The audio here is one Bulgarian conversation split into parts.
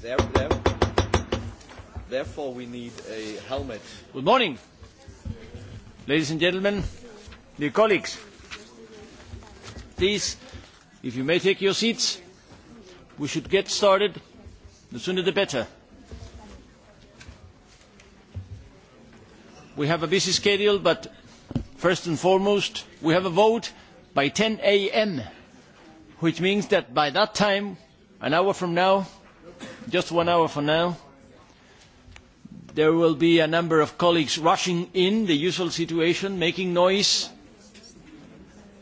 there, there, therefore, we need a helmet. Good morning, ladies and gentlemen, dear colleagues. Please, if you may take your seats, we should get started. The sooner the better. We have a busy schedule, but first and foremost, we have a vote by 10 a.m., which means that by that time, an hour from now, just one hour for now. There will be a number of colleagues rushing in, the usual situation, making noise,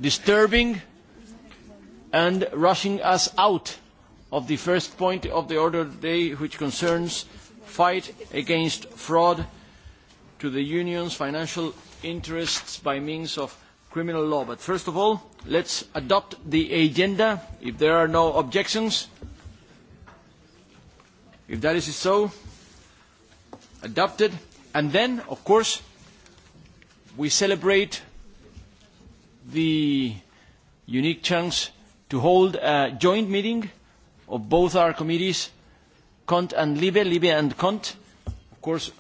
disturbing, and rushing us out of the first point of the order of the day, which concerns fight against fraud to the Union's financial interests by means of criminal law. But first of all, let's adopt the agenda. If there are no objections, If that is so, adopted. And then, of course, we celebrate the unique chance to hold a joint meeting of both our committees, Cont and Libe, Libe and Cont. Of course,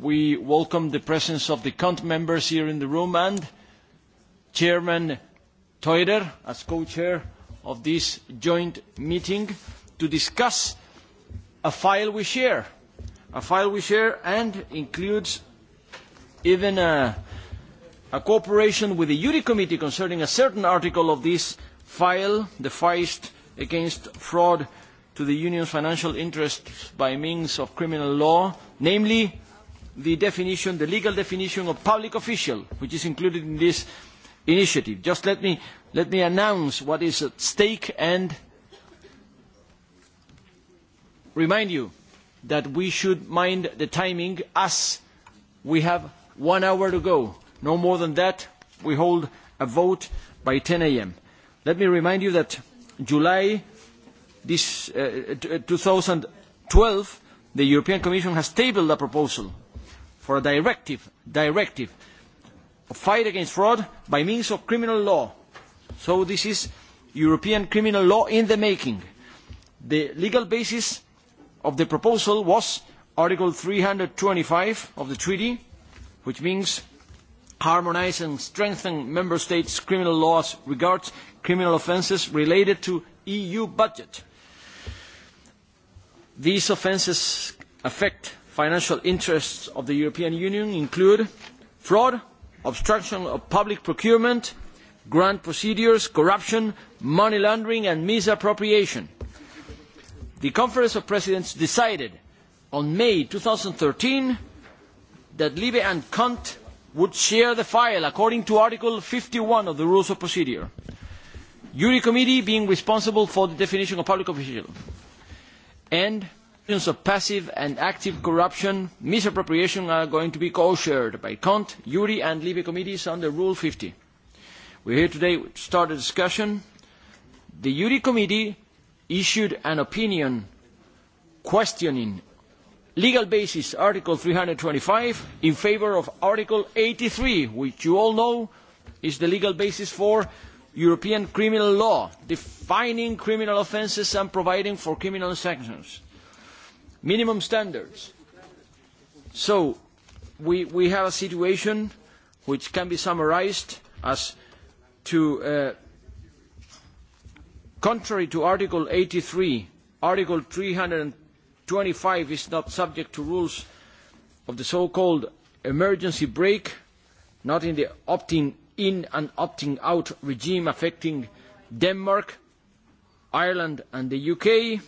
we welcome the presence of the Cont members here in the room and Chairman Teurer as co-chair of this joint meeting to discuss a file we share, a file we share and includes even a, a cooperation with the URI committee concerning a certain article of this file, the fight against fraud to the union's financial interests by means of criminal law, namely the definition, the legal definition of public official, which is included in this initiative. Just let me, let me announce what is at stake and remind you that we should mind the timing as we have one hour to go. No more than that, we hold a vote by 10 a.m. Let me remind you that July this, uh, 2012, the European Commission has tabled a proposal for a directive, directive fight against fraud by means of criminal law. So this is European criminal law in the making. The legal basis of the proposal was Article three hundred and twenty five of the treaty, which means harmonise and strengthen member states' criminal laws regarding criminal offences related to the EU budget. These offences affect financial interests of the European Union include fraud, obstruction of public procurement, grant procedures, corruption, money laundering and misappropriation – The Conference of Presidents decided on May thirteen that Libe and Kant would share the file according to Article fifty one of the Rules of Procedure, Juri Committee being responsible for the definition of public official, and of passive and active corruption, misappropriation are going to be co-shared by Kant, Juri and Libe committees under Rule fifty. We are here today to start a discussion. The Juri Committee issued an opinion questioning legal basis Article three hundred and twenty five in favour of Article eighty three, which you all know is the legal basis for European criminal law, defining criminal offences and providing for criminal sanctions, minimum standards. So we, we have a situation which can be summarised as to Contrary to Article eighty three, Article three hundred and twenty five is not subject to rules of the so-called emergency break, not in the opting in and opting out regime affecting Denmark, Ireland and the UK.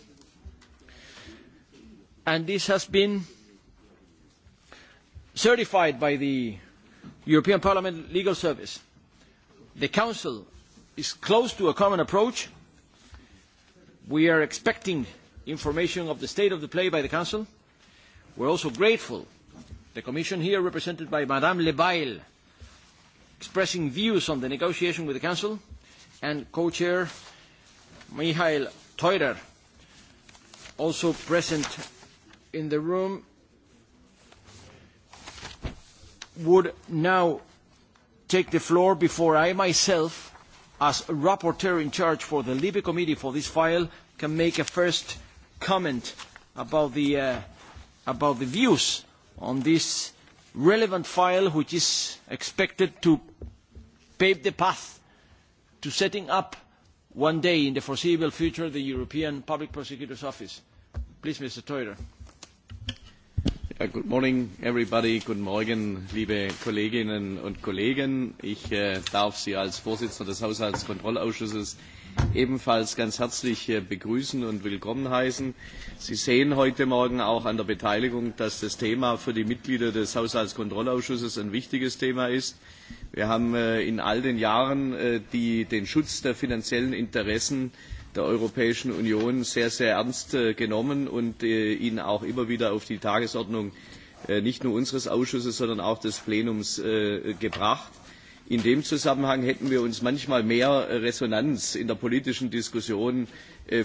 And this has been certified by the European Parliament Legal Service. The Council is close to a common approach We are expecting information of the state of the play by the Council. We are also grateful the Commission here, represented by Madame Lebail, expressing views on the negotiation with the Council, and co-chair Michael Theurer, also present in the room, would now take the floor before I myself as rapporteur in charge for the Libe Committee for this file, can make a first comment about the, views on this relevant file, which is expected to pave the path to setting up one day in the foreseeable future the European Public Prosecutor's Office. Please, Mr. Teuter. Good morning, everybody. Guten Morgen, liebe Kolleginnen und Kollegen. Ich darf Sie als Vorsitzender des Haushaltskontrollausschusses ebenfalls ganz herzlich begrüßen und willkommen heißen. Sie sehen heute Morgen auch an der Beteiligung, dass das Thema für die Mitglieder des Haushaltskontrollausschusses ein wichtiges Thema ist. Wir haben in all den Jahren den Schutz der finanziellen Interessen der Europäischen Union sehr, sehr ernst genommen und ihn auch immer wieder auf die Tagesordnung nicht nur unseres Ausschusses, sondern auch des Plenums gebracht. In dem Zusammenhang hätten wir uns manchmal mehr Resonanz in der politischen Diskussion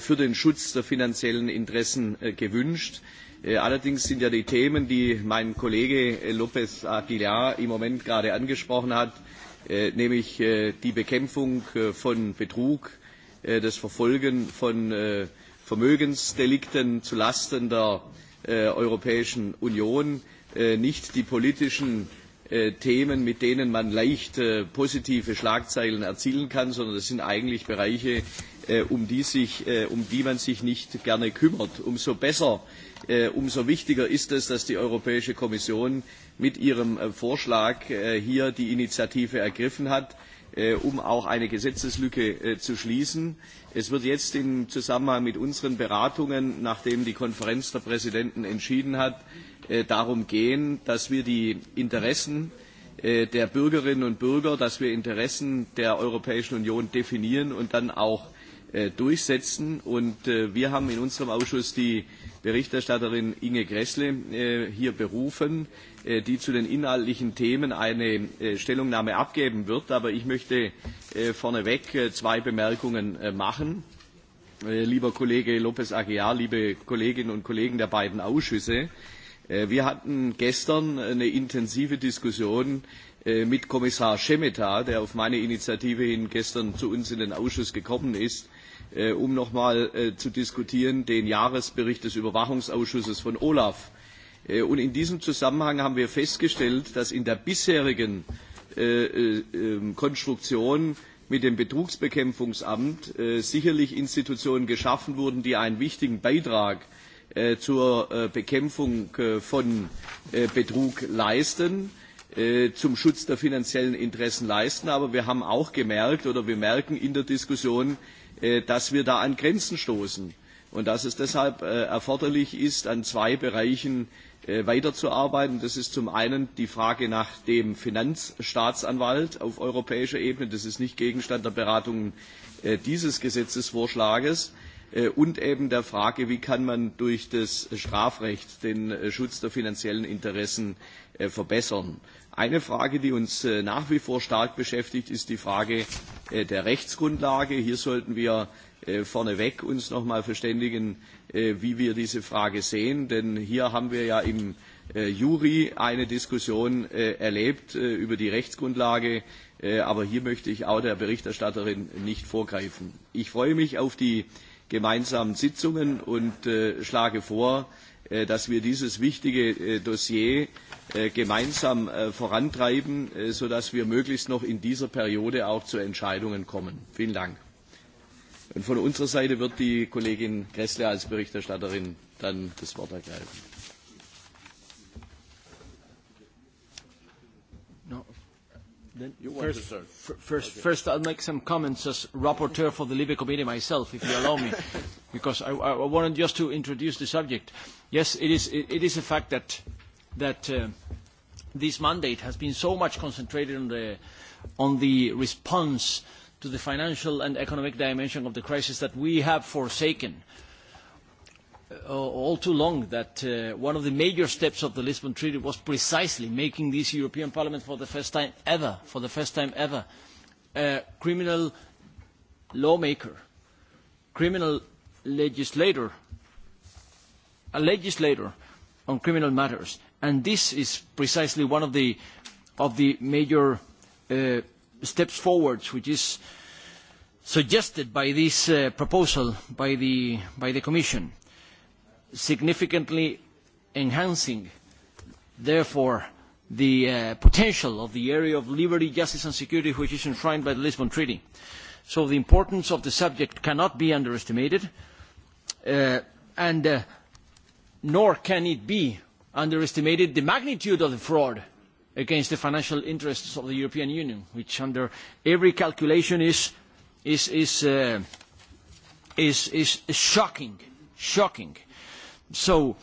für den Schutz der finanziellen Interessen gewünscht. Allerdings sind ja die Themen, die mein Kollege López Aguilar im Moment gerade angesprochen hat, nämlich die Bekämpfung von Betrug, das Verfolgen von Vermögensdelikten zu Lasten der Europäischen Union nicht die politischen Themen, mit denen man leicht positive Schlagzeilen erzielen kann, sondern das sind eigentlich Bereiche, um die, man sich nicht gerne kümmert. Umso besser, umso wichtiger ist es, dass die Europäische Kommission mit ihrem Vorschlag hier die Initiative ergriffen hat um auch eine Gesetzeslücke zu schließen. Es wird jetzt im Zusammenhang mit unseren Beratungen, nachdem die Konferenz der Präsidenten entschieden hat, darum gehen, dass wir die Interessen der Bürgerinnen und Bürger, dass wir Interessen der Europäischen Union definieren und dann auch durchsetzen. Und wir haben in unserem Ausschuss die Berichterstatterin Inge Grässle hier berufen die zu den inhaltlichen Themen eine Stellungnahme abgeben wird. Aber ich möchte vorneweg zwei Bemerkungen machen. Lieber Kollege Lopez Aguilar, liebe Kolleginnen und Kollegen der beiden Ausschüsse, wir hatten gestern eine intensive Diskussion mit Kommissar Schemeta, der auf meine Initiative hin gestern zu uns in den Ausschuss gekommen ist, um noch einmal zu diskutieren den Jahresbericht des Überwachungsausschusses von Olaf Und in diesem Zusammenhang haben wir festgestellt, dass in der bisherigen Konstruktion mit dem Betrugsbekämpfungsamt sicherlich Institutionen geschaffen wurden, die einen wichtigen Beitrag zur Bekämpfung von Betrug leisten, zum Schutz der finanziellen Interessen leisten. Aber wir haben auch gemerkt oder wir merken in der Diskussion, dass wir da an Grenzen stoßen und dass es deshalb erforderlich ist, an zwei Bereichen weiterzuarbeiten. Das ist zum einen die Frage nach dem Finanzstaatsanwalt auf europäischer Ebene. Das ist nicht Gegenstand der Beratungen dieses Gesetzesvorschlages und eben der Frage, wie kann man durch das Strafrecht den Schutz der finanziellen Interessen verbessern. Eine Frage, die uns nach wie vor stark beschäftigt, ist die Frage der Rechtsgrundlage. Hier sollten wir vorneweg uns noch mal verständigen, wie wir diese Frage sehen. Denn hier haben wir ja im Juri eine Diskussion erlebt über die Rechtsgrundlage. Aber hier möchte ich auch der Berichterstatterin nicht vorgreifen. Ich freue mich auf die gemeinsamen Sitzungen und schlage vor, dass wir dieses wichtige Dossier gemeinsam vorantreiben, sodass wir möglichst noch in dieser Periode auch zu Entscheidungen kommen. Vielen Dank. Und von unserer Seite wird die Kollegin Gressle als Berichterstatterin dann das Wort ergreifen. First, first, first, I'll make some comments as rapporteur for the Libe Committee myself, if you allow me, because I, I wanted just to introduce the subject. Yes, it is, it, it is a fact that, that uh, this mandate has been so much concentrated on the, on the response to the financial and economic dimension of the crisis that we have forsaken all too long that one of the major steps of the Lisbon Treaty was precisely making this European Parliament for the first time ever, for the first time ever, a criminal lawmaker, criminal legislator, a legislator on criminal matters. And this is precisely one of the, major steps forward, which is suggested by this proposal by the Commission, significantly enhancing, therefore, the potential of the area of liberty, justice and security which is enshrined by the Lisbon Treaty. So the importance of the subject cannot be underestimated, and nor can it be underestimated the magnitude of the fraud against the financial interests of the European Union, which under every calculation is, is, is, uh, is, is shocking, shocking. So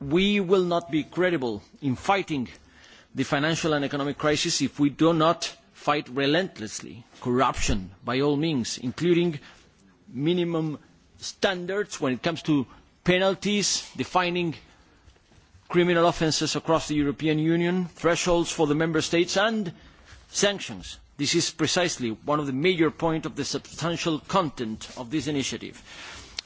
we will not be credible in fighting the financial and economic crisis if we do not fight relentlessly corruption by all means, including minimum standards when it comes to penalties, defining criminal offences across the European Union, thresholds for the Member States and sanctions. This is precisely one of the major points of the substantial content of this initiative.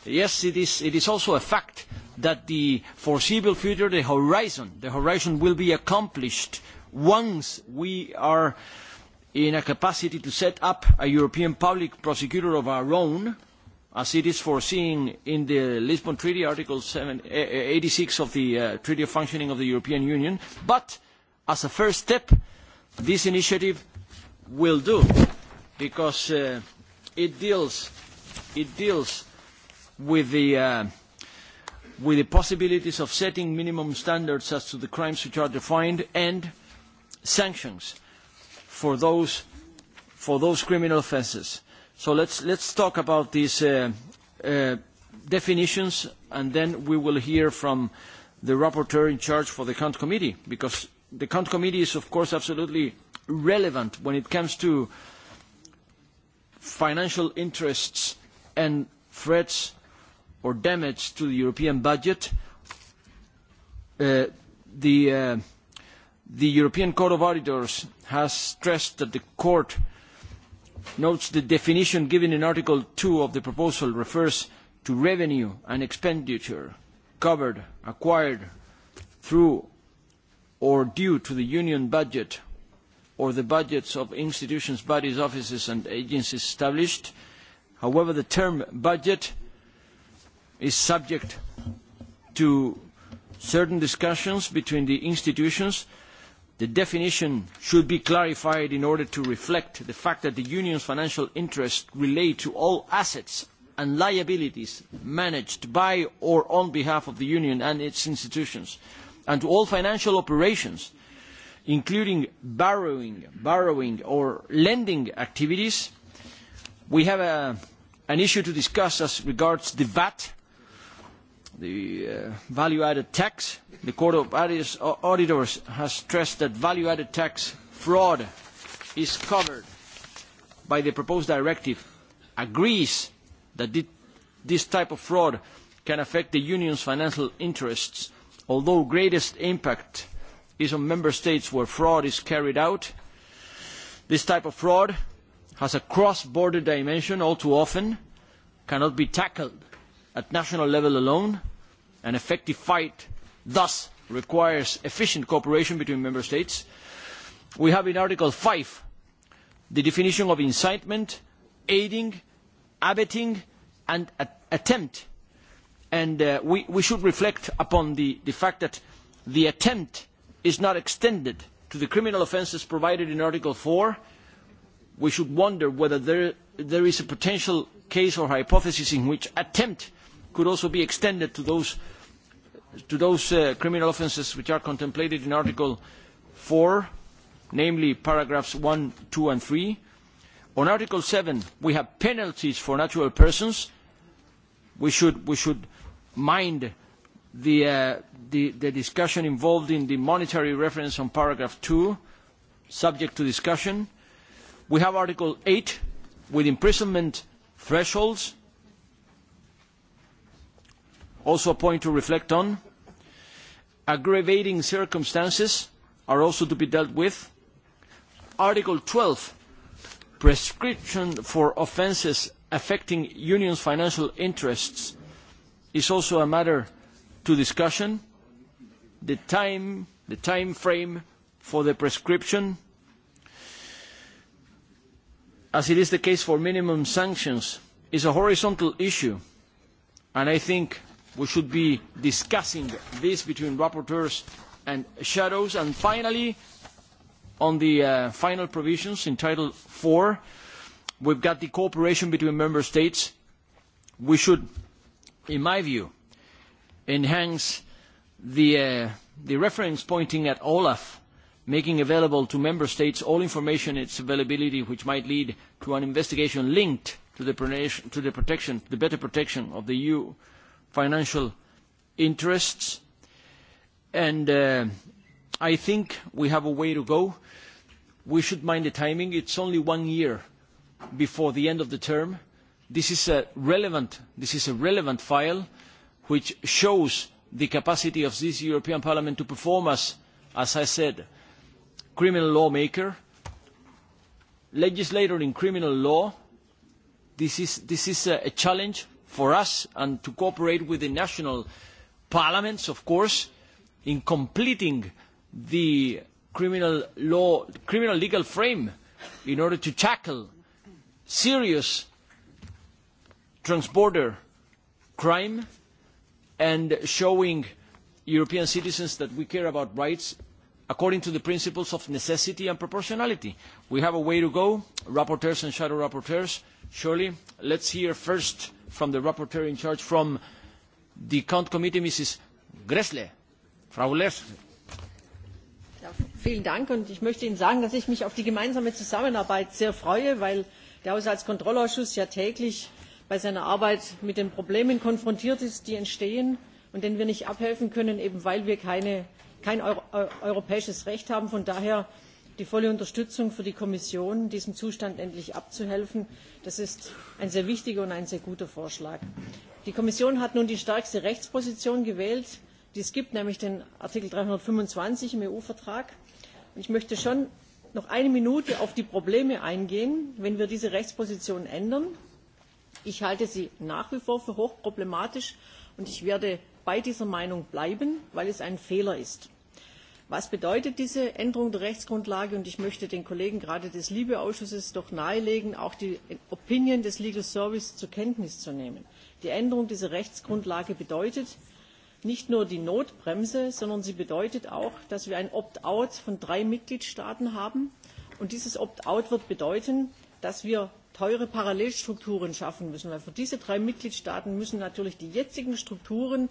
Yes, it is, also a fact that the foreseeable future, the horizon, the horizon will be accomplished once we are in a capacity to set up a European public prosecutor of our own, as it is foreseen in the Lisbon Treaty, Article 7, 86 of the uh, Treaty of Functioning of the European Union. But as a first step, this initiative will do, because uh, it deals it deals with the uh, with the possibilities of setting minimum standards as to the crimes which are defined and sanctions for those for those criminal offences So let's, let's talk about these uh, uh, definitions, and then we will hear from the rapporteur in charge for the Count Committee, because the Count Committee is, of course, absolutely relevant when it comes to financial interests and threats or damage to the European budget. the, European Court of Auditors has stressed that the Court – notes the definition given in Article 2 of the proposal refers to revenue and expenditure covered, acquired through or due to the union budget or the budgets of institutions, bodies, offices and agencies established. However, the term budget is subject to certain discussions between the institutions The definition should be clarified in order to reflect the fact that the Union's financial interests relate to all assets and liabilities managed by or on behalf of the Union and its institutions, and to all financial operations, including borrowing, borrowing or lending activities. We have an issue to discuss as regards the VAT, the value-added tax. The Court of Auditors has stressed that value-added tax fraud is covered by the proposed directive, agrees that this type of fraud can affect the Union's financial interests, although greatest impact is on Member States where fraud is carried out. This type of fraud has a cross-border dimension all too often, cannot be tackled at national level alone. An effective fight thus requires efficient cooperation between member states. We have in Article five the definition of incitement, aiding, abetting and attempt. And we, should reflect upon the, fact that the attempt is not extended to the criminal offences provided in Article four. We should wonder whether there, is a potential case or hypothesis in which attempt could also be extended to those, to those uh, criminal offences which are contemplated in Article 4, namely paragraphs 1, 2 and 3. On Article 7, we have penalties for natural persons. We should, we should mind the, uh, the, the discussion involved in the monetary reference on paragraph 2, subject to discussion. We have Article 8 with imprisonment thresholds also a point to reflect on. Aggravating circumstances are also to be dealt with. Article twelve prescription for offences affecting unions' financial interests is also a matter to discussion. The time, the time frame for the prescription, as it is the case for minimum sanctions, is a horizontal issue, and I think we should be discussing this between rapporteurs and shadows. And finally, on the final provisions in Title IV, we've got the cooperation between member states. We should, in my view, enhance the, reference pointing at OLAF, making available to member states all information its availability which might lead to an investigation linked to the, protection, to the better protection of the EU financial interests. And I think we have a way to go. We should mind the timing. It's only one year before the end of the term. This is a relevant file which shows the capacity of this European Parliament to perform as, as I said, criminal lawmaker, legislator in criminal law. This is, a challenge for us and to cooperate with the national parliaments, of course, in completing the criminal law, criminal legal frame in order to tackle serious transborder crime and showing European citizens that we care about rights according to the principles of necessity and proportionality. We have a way to go, rapporteurs and shadow rapporteurs. Surely, let's hear first from the rapporteur in charge from the Count Committee, Mrs. Gressle. Frau Gressle. Vielen Dank und ich möchte Ihnen sagen, dass ich mich auf die gemeinsame Zusammenarbeit sehr freue, weil der Haushaltskontrollausschuss ja täglich bei seiner Arbeit mit den Problemen konfrontiert ist, die entstehen und denen wir nicht abhelfen können, eben weil wir kein europäisches Recht haben. Von daher die volle Unterstützung für die Kommission, diesem Zustand endlich abzuhelfen. Das ist ein sehr wichtiger und ein sehr guter Vorschlag. Die Kommission hat nun die stärkste Rechtsposition gewählt, die es gibt, nämlich den Artikel 325 im EU-Vertrag. Ich möchte schon noch eine Minute auf die Probleme eingehen, wenn wir diese Rechtsposition ändern. Ich halte sie nach wie vor für hochproblematisch und ich werde bei dieser Meinung bleiben, weil es ein Fehler ist. Was bedeutet diese Änderung der Rechtsgrundlage? Und ich möchte den Kollegen gerade des Libe-Ausschusses doch nahelegen, auch die Opinion des Legal Service zur Kenntnis zu nehmen. Die Änderung dieser Rechtsgrundlage bedeutet nicht nur die Notbremse, sondern sie bedeutet auch, dass wir ein Opt-out von drei Mitgliedstaaten haben. Und dieses Opt-out wird bedeuten, dass wir teure Parallelstrukturen schaffen müssen. Weil für diese drei Mitgliedstaaten müssen natürlich die jetzigen Strukturen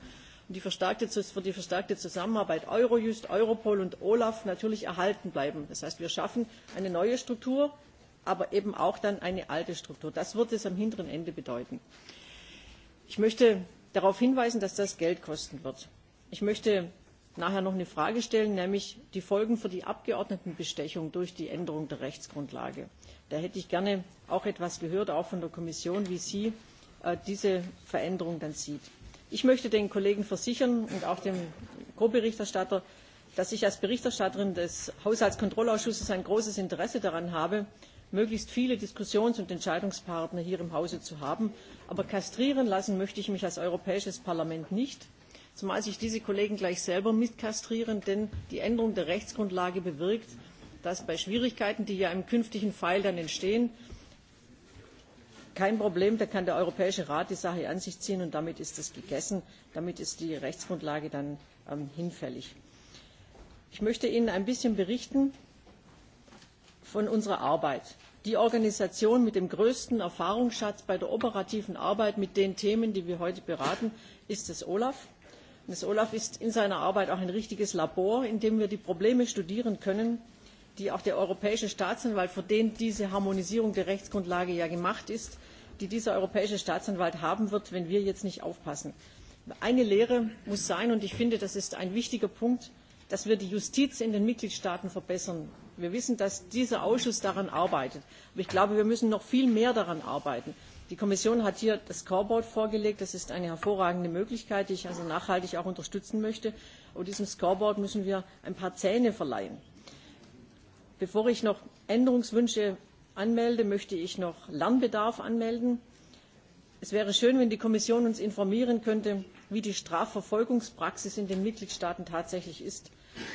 die verstärkte, für die verstärkte Zusammenarbeit Eurojust, Europol und Olaf natürlich erhalten bleiben. Das heißt, wir schaffen eine neue Struktur, aber eben auch dann eine alte Struktur. Das wird es am hinteren Ende bedeuten. Ich möchte darauf hinweisen, dass das Geld kosten wird. Ich möchte nachher noch eine Frage stellen, nämlich die Folgen für die Abgeordnetenbestechung durch die Änderung der Rechtsgrundlage. Da hätte ich gerne auch etwas gehört, auch von der Kommission, wie sie diese Veränderung dann sieht. Ich möchte den Kollegen versichern und auch dem Co-Berichterstatter, dass ich als Berichterstatterin des Haushaltskontrollausschusses ein großes Interesse daran habe, möglichst viele Diskussions- und Entscheidungspartner hier im Hause zu haben. Aber kastrieren lassen möchte ich mich als Europäisches Parlament nicht, zumal sich diese Kollegen gleich selber mitkastrieren, denn die Änderung der Rechtsgrundlage bewirkt, dass bei Schwierigkeiten, die ja im künftigen Fall dann entstehen, kein Problem, da kann der Europäische Rat die Sache an sich ziehen und damit ist es gegessen, damit ist die Rechtsgrundlage dann hinfällig. Ich möchte Ihnen ein bisschen berichten von unserer Arbeit. Die Organisation mit dem größten Erfahrungsschatz bei der operativen Arbeit mit den Themen, die wir heute beraten, ist das OLAF. Das OLAF ist in seiner Arbeit auch ein richtiges Labor, in dem wir die Probleme studieren können, die auch der europäische Staatsanwalt, für den diese Harmonisierung der Rechtsgrundlage ja gemacht ist, die dieser europäische Staatsanwalt haben wird, wenn wir jetzt nicht aufpassen. Eine Lehre muss sein, und ich finde, das ist ein wichtiger Punkt, dass wir die Justiz in den Mitgliedstaaten verbessern. Wir wissen, dass dieser Ausschuss daran arbeitet. Aber ich glaube, wir müssen noch viel mehr daran arbeiten. Die Kommission hat hier das Scoreboard vorgelegt. Das ist eine hervorragende Möglichkeit, die ich also nachhaltig auch unterstützen möchte. Aber diesem Scoreboard müssen wir ein paar Zähne verleihen. Bevor ich noch Änderungswünsche anmelde, möchte ich noch Lernbedarf anmelden. Es wäre schön, wenn die Kommission uns informieren könnte, wie die Strafverfolgungspraxis in den Mitgliedstaaten tatsächlich ist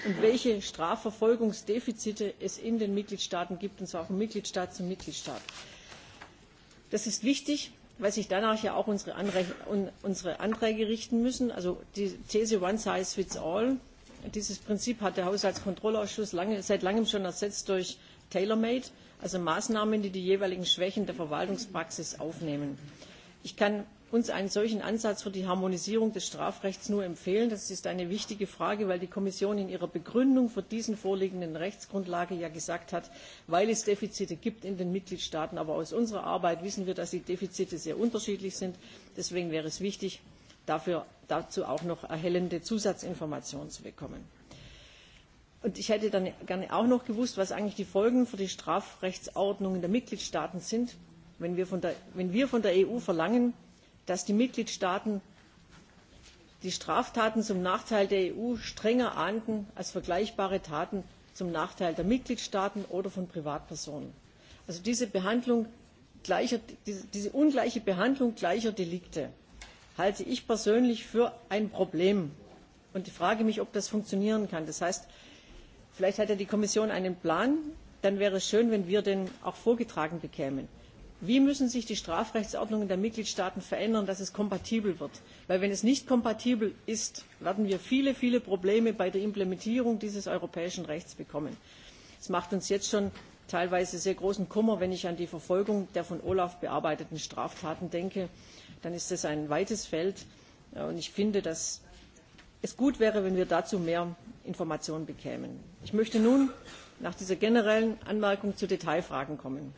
und welche Strafverfolgungsdefizite es in den Mitgliedstaaten gibt, und zwar von Mitgliedstaat zu Mitgliedstaat. Das ist wichtig, weil sich danach ja auch unsere Anträge richten müssen. Also die These One Size Fits All Dieses Prinzip hat der Haushaltskontrollausschuss seit langem schon ersetzt durch Tailor-Made, also Maßnahmen, die die jeweiligen Schwächen der Verwaltungspraxis aufnehmen. Ich kann uns einen solchen Ansatz für die Harmonisierung des Strafrechts nur empfehlen. Das ist eine wichtige Frage, weil die Kommission in ihrer Begründung für diesen vorliegenden Rechtsgrundlage ja gesagt hat, weil es Defizite gibt in den Mitgliedstaaten. Aber aus unserer Arbeit wissen wir, dass die Defizite sehr unterschiedlich sind. Deswegen wäre es wichtig, dafür, dazu auch noch erhellende Zusatzinformationen zu bekommen. Und ich hätte dann gerne auch noch gewusst, was eigentlich die Folgen für die Strafrechtsordnungen der Mitgliedstaaten sind, wenn wir von der, wenn wir von der EU verlangen, dass die Mitgliedstaaten die Straftaten zum Nachteil der EU strenger ahnden als vergleichbare Taten zum Nachteil der Mitgliedstaaten oder von Privatpersonen. Also diese, Behandlung gleicher, diese ungleiche Behandlung gleicher Delikte halte ich persönlich für ein Problem und frage mich, ob das funktionieren kann. Das heißt, vielleicht hat ja die Kommission einen Plan, dann wäre es schön, wenn wir den auch vorgetragen bekämen. Wie müssen sich die Strafrechtsordnungen der Mitgliedstaaten verändern, dass es kompatibel wird? Denn wenn es nicht kompatibel ist, werden wir viele, viele Probleme bei der Implementierung dieses europäischen Rechts bekommen. Es macht uns jetzt schon teilweise sehr großen Kummer, wenn ich an die Verfolgung der von Olaf bearbeiteten Straftaten denke, dann ist das ein weites Feld. Und ich finde, dass es gut wäre, wenn wir dazu mehr Informationen bekämen. Ich möchte nun nach dieser generellen Anmerkung zu Detailfragen kommen.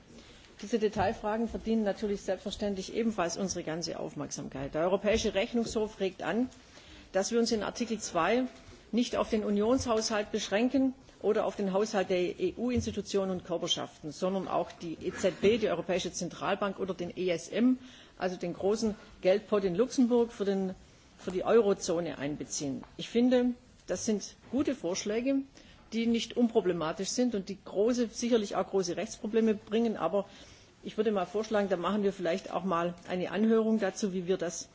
Diese Detailfragen verdienen natürlich selbstverständlich ebenfalls unsere ganze Aufmerksamkeit. Der Europäische Rechnungshof regt an, dass wir uns in Artikel zwei nicht auf den Unionshaushalt beschränken, oder auf den Haushalt der EU-Institutionen und Körperschaften, sondern auch die EZB, die Europäische Zentralbank oder den ESM, also den großen Geldpot in Luxemburg für, den, für die Eurozone einbeziehen. Ich finde, das sind gute Vorschläge, die nicht unproblematisch sind und die große, sicherlich auch große Rechtsprobleme bringen. Aber ich würde mal vorschlagen, da machen wir vielleicht auch mal eine Anhörung dazu, wie wir das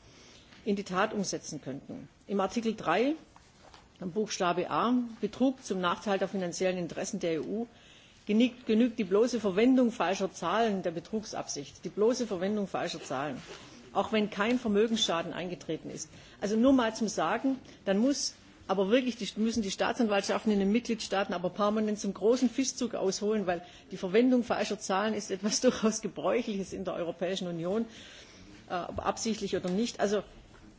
in die Tat umsetzen könnten. Im Artikel 3 Buchstabe a Betrug zum Nachteil der finanziellen Interessen der EU genügt die bloße Verwendung falscher Zahlen der Betrugsabsicht, die bloße Verwendung falscher Zahlen, auch wenn kein Vermögensschaden eingetreten ist. Also nur mal zum Sagen, dann muss aber wirklich müssen die Staatsanwaltschaften in den Mitgliedstaaten aber permanent zum großen Fischzug ausholen, weil die Verwendung falscher Zahlen ist etwas durchaus Gebräuchliches in der Europäischen Union, ob absichtlich oder nicht. Also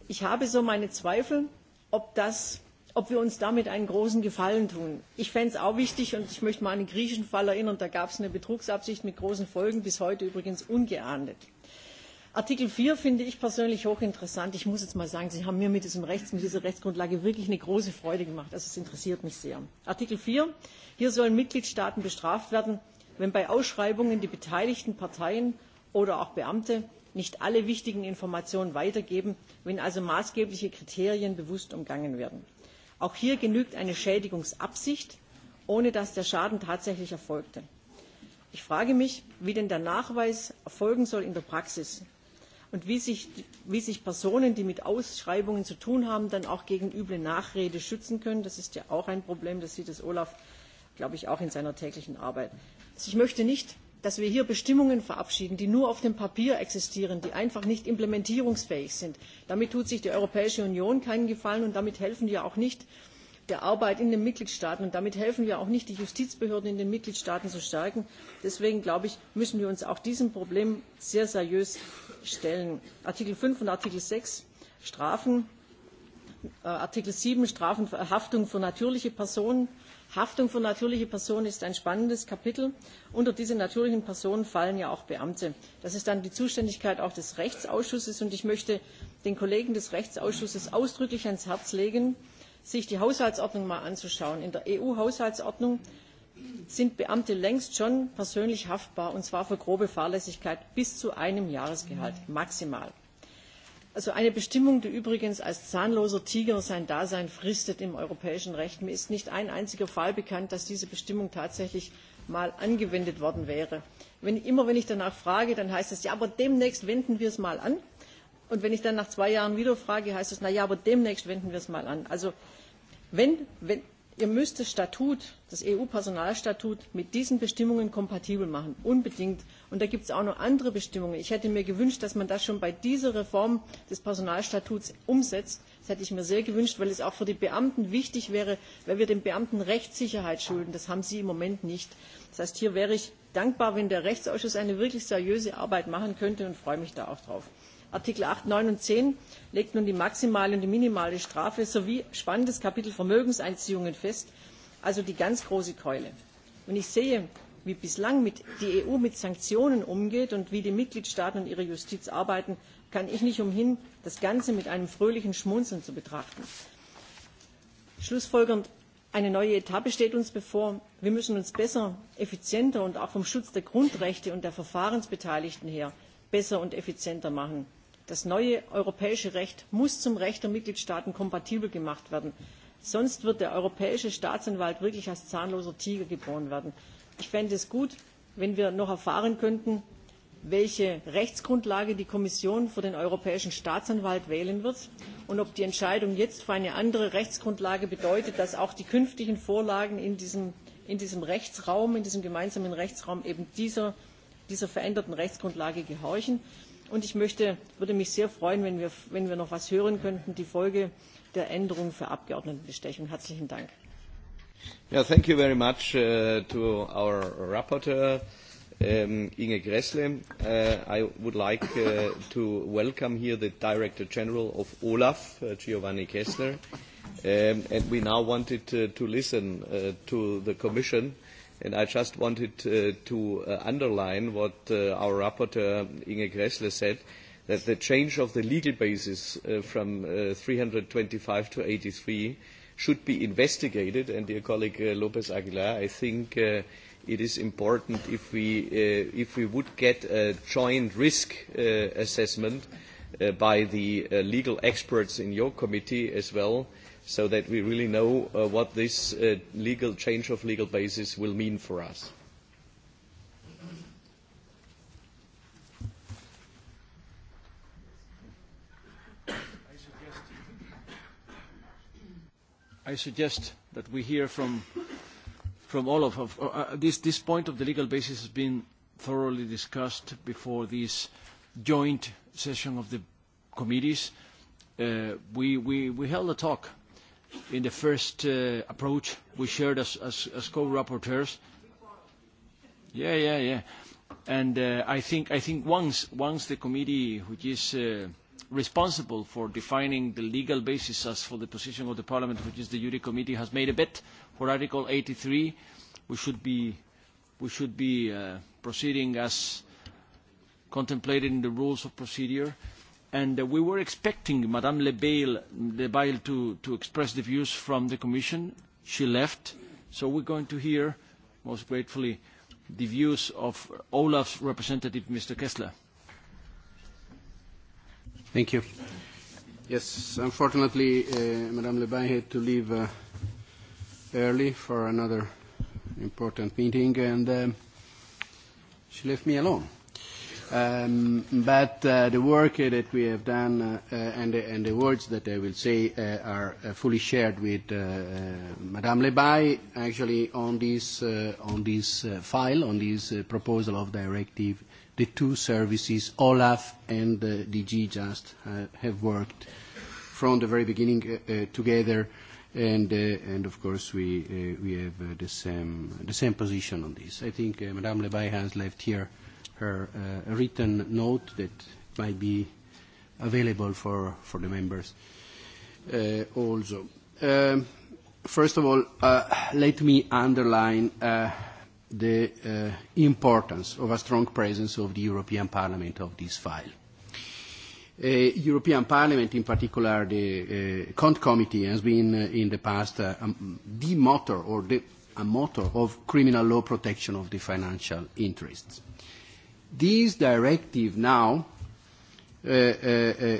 ich habe so meine Zweifel, ob das ob wir uns damit einen großen Gefallen tun. Ich fände es auch wichtig, und ich möchte mal an den griechischen Fall erinnern, da gab es eine Betrugsabsicht mit großen Folgen, bis heute übrigens ungeahndet. Artikel vier finde ich persönlich hochinteressant. Ich muss jetzt mal sagen, Sie haben mir mit, diesem Rechts, mit dieser Rechtsgrundlage wirklich eine große Freude gemacht. Also es interessiert mich sehr. Artikel vier Hier sollen Mitgliedstaaten bestraft werden, wenn bei Ausschreibungen die beteiligten Parteien oder auch Beamte nicht alle wichtigen Informationen weitergeben, wenn also maßgebliche Kriterien bewusst umgangen werden. Auch hier genügt eine Schädigungsabsicht, ohne dass der Schaden tatsächlich erfolgte. Ich frage mich, wie denn der Nachweis erfolgen soll in der Praxis und wie sich, Personen, die mit Ausschreibungen zu tun haben, dann auch gegen üble Nachrede schützen können. Das ist ja auch ein Problem, das sieht das Olaf, glaube ich, auch in seiner täglichen Arbeit. ich möchte nicht dass wir hier Bestimmungen verabschieden, die nur auf dem Papier existieren, die einfach nicht implementierungsfähig sind. Damit tut sich die Europäische Union keinen Gefallen und damit helfen wir auch nicht der Arbeit in den Mitgliedstaaten und damit helfen wir auch nicht, die Justizbehörden in den Mitgliedstaaten zu stärken. Deswegen, glaube ich, müssen wir uns auch diesem Problem sehr seriös stellen. Artikel fünf und Artikel sechs Strafen, Artikel sieben Strafen für Haftung für natürliche Personen, Haftung für natürliche Personen ist ein spannendes Kapitel. Unter diese natürlichen Personen fallen ja auch Beamte. Das ist dann die Zuständigkeit auch des Rechtsausschusses. Und ich möchte den Kollegen des Rechtsausschusses ausdrücklich ans Herz legen, sich die Haushaltsordnung mal anzuschauen. In der EU-Haushaltsordnung sind Beamte längst schon persönlich haftbar, und zwar für grobe Fahrlässigkeit bis zu einem Jahresgehalt maximal. Also eine Bestimmung, die übrigens als zahnloser Tiger sein Dasein fristet im europäischen Recht. Mir ist nicht ein einziger Fall bekannt, dass diese Bestimmung tatsächlich mal angewendet worden wäre. immer wenn ich danach frage, dann heißt es, ja, aber demnächst wenden wir es mal an. Und wenn ich dann nach zwei Jahren wieder frage, heißt es, na ja, aber demnächst wenden wir es mal an. Also wenn, wenn, ihr müsst das Statut, das EU-Personalstatut mit diesen Bestimmungen kompatibel machen, unbedingt. Und da gibt es auch noch andere Bestimmungen. Ich hätte mir gewünscht, dass man das schon bei dieser Reform des Personalstatuts umsetzt. Das hätte ich mir sehr gewünscht, weil es auch für die Beamten wichtig wäre, weil wir den Beamten Rechtssicherheit schulden. Das haben sie im Moment nicht. Das heißt, hier wäre ich dankbar, wenn der Rechtsausschuss eine wirklich seriöse Arbeit machen könnte und freue mich da auch drauf. Artikel acht, neun und zehn legt nun die maximale und die minimale Strafe sowie spannendes Kapitel Vermögenseinziehungen fest, also die ganz große Keule. Und ich sehe, wie bislang die EU mit Sanktionen umgeht und wie die Mitgliedstaaten und ihre Justiz arbeiten, kann ich nicht umhin, das Ganze mit einem fröhlichen Schmunzeln zu betrachten. Schlussfolgernd, eine neue Etappe steht uns bevor. Wir müssen uns besser, effizienter und auch vom Schutz der Grundrechte und der Verfahrensbeteiligten her besser und effizienter machen. Das neue europäische Recht muss zum Recht der Mitgliedstaaten kompatibel gemacht werden. Sonst wird der europäische Staatsanwalt wirklich als zahnloser Tiger geboren werden. Ich fände es gut, wenn wir noch erfahren könnten, welche Rechtsgrundlage die Kommission für den europäischen Staatsanwalt wählen wird und ob die Entscheidung jetzt für eine andere Rechtsgrundlage bedeutet, dass auch die künftigen Vorlagen in diesem, Rechtsraum, in diesem gemeinsamen Rechtsraum eben dieser, veränderten Rechtsgrundlage gehorchen. Und ich würde mich sehr freuen, wenn wir, noch etwas hören könnten, die Folge der Änderung für Abgeordnetenbestechung. Herzlichen Dank. Yeah, thank you very much uh, to our rapporteur, um, Inge Gressle. Uh, I would like uh, to welcome here the Director General of OLAF, uh, Giovanni Kessler. Um, and we now wanted uh, to listen uh, to the Commission. And I just wanted uh, to uh, underline what uh, our rapporteur, Inge Gressle, said, that the change of the legal basis uh, from uh, 325 to 83 should be investigated. And dear colleague uh, Lopez Aguilar, I think uh, it is important if we, uh, if we would get a joint risk uh, assessment uh, by the uh, legal experts in your committee as well, so that we really know uh, what this uh, legal change of legal basis will mean for us. I suggest that we hear from all of us. This point of the legal basis has been thoroughly discussed before this joint session of the committees. We held a talk in the first approach we shared as co-rapporteurs. Yeah, yeah. yeah. And I think once the committee, which is responsible for defining the legal basis as for the position of the Parliament, which is the JURI Committee, has made a bet for Article 83. We should be, we should be uh, proceeding as contemplated in the rules of procedure. And uh, we were expecting Madame Le Bail to, to express the views from the Commission. She left. So we're going to hear, most gratefully, the views of Olaf's representative, Mr. Kessler. Thank you. Yes, unfortunately, uh, Madame Lebain had to leave uh, early for another important meeting, and um, she left me alone. Um, but uh, the work uh, that we have done uh, uh, and, the, and the words that I will say uh, are uh, fully shared with uh, uh, Madame Lebaille, actually on this, uh, on this uh, file, on this uh, proposal of directive the two services, OLAF and uh, DG Just, uh, have worked from the very beginning uh, uh, together, and uh, and of course we uh, we have uh, the same the same position on this. I think uh, Madame Lebay has left here her uh, written note that might be available for for the members uh, also. Um, first of all, uh, let me underline. Uh, the uh, importance of a strong presence of the European Parliament of this file. The European Parliament, in particular the uh, Cont Committee, has been uh, in the past uh, um, the motor or the, a motor of criminal law protection of the financial interests. This directive now, uh, uh, uh,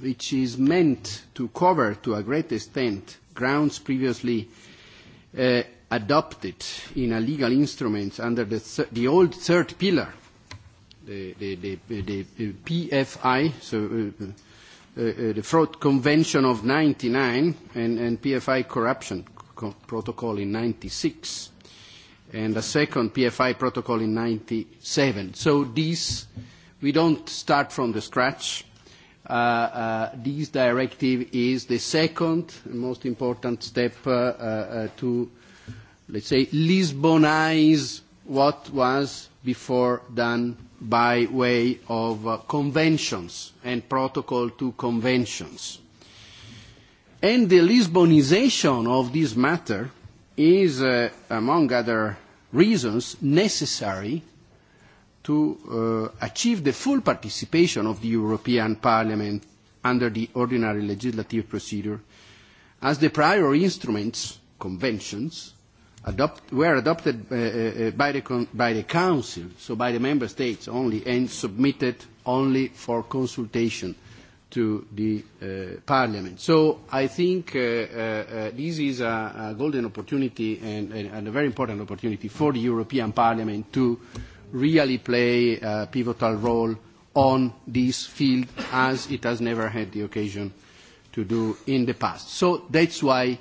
which is meant to cover to a great extent grounds previously uh, adopted in a legal instrument under the, the old third pillar, the, the, the, the PFI, so uh, uh, the Fraud Convention of 99 and, and PFI Corruption co- Protocol in 96, and a second PFI Protocol in 97. So these, we don't start from the scratch. Uh, uh, this directive is the second most important step uh, uh, to let's say, Lisbonize what was before done by way of uh, conventions and protocol to conventions. And the Lisbonization of this matter is, uh, among other reasons, necessary to uh, achieve the full participation of the European Parliament under the ordinary legislative procedure as the prior instruments, conventions, adopt, were adopted by, the by the Council, so by the Member States only, and submitted only for consultation to the Parliament. So I think this is a, golden opportunity and, and, a very important opportunity for the European Parliament to really play a pivotal role on this field as it has never had the occasion to do in the past. So that's why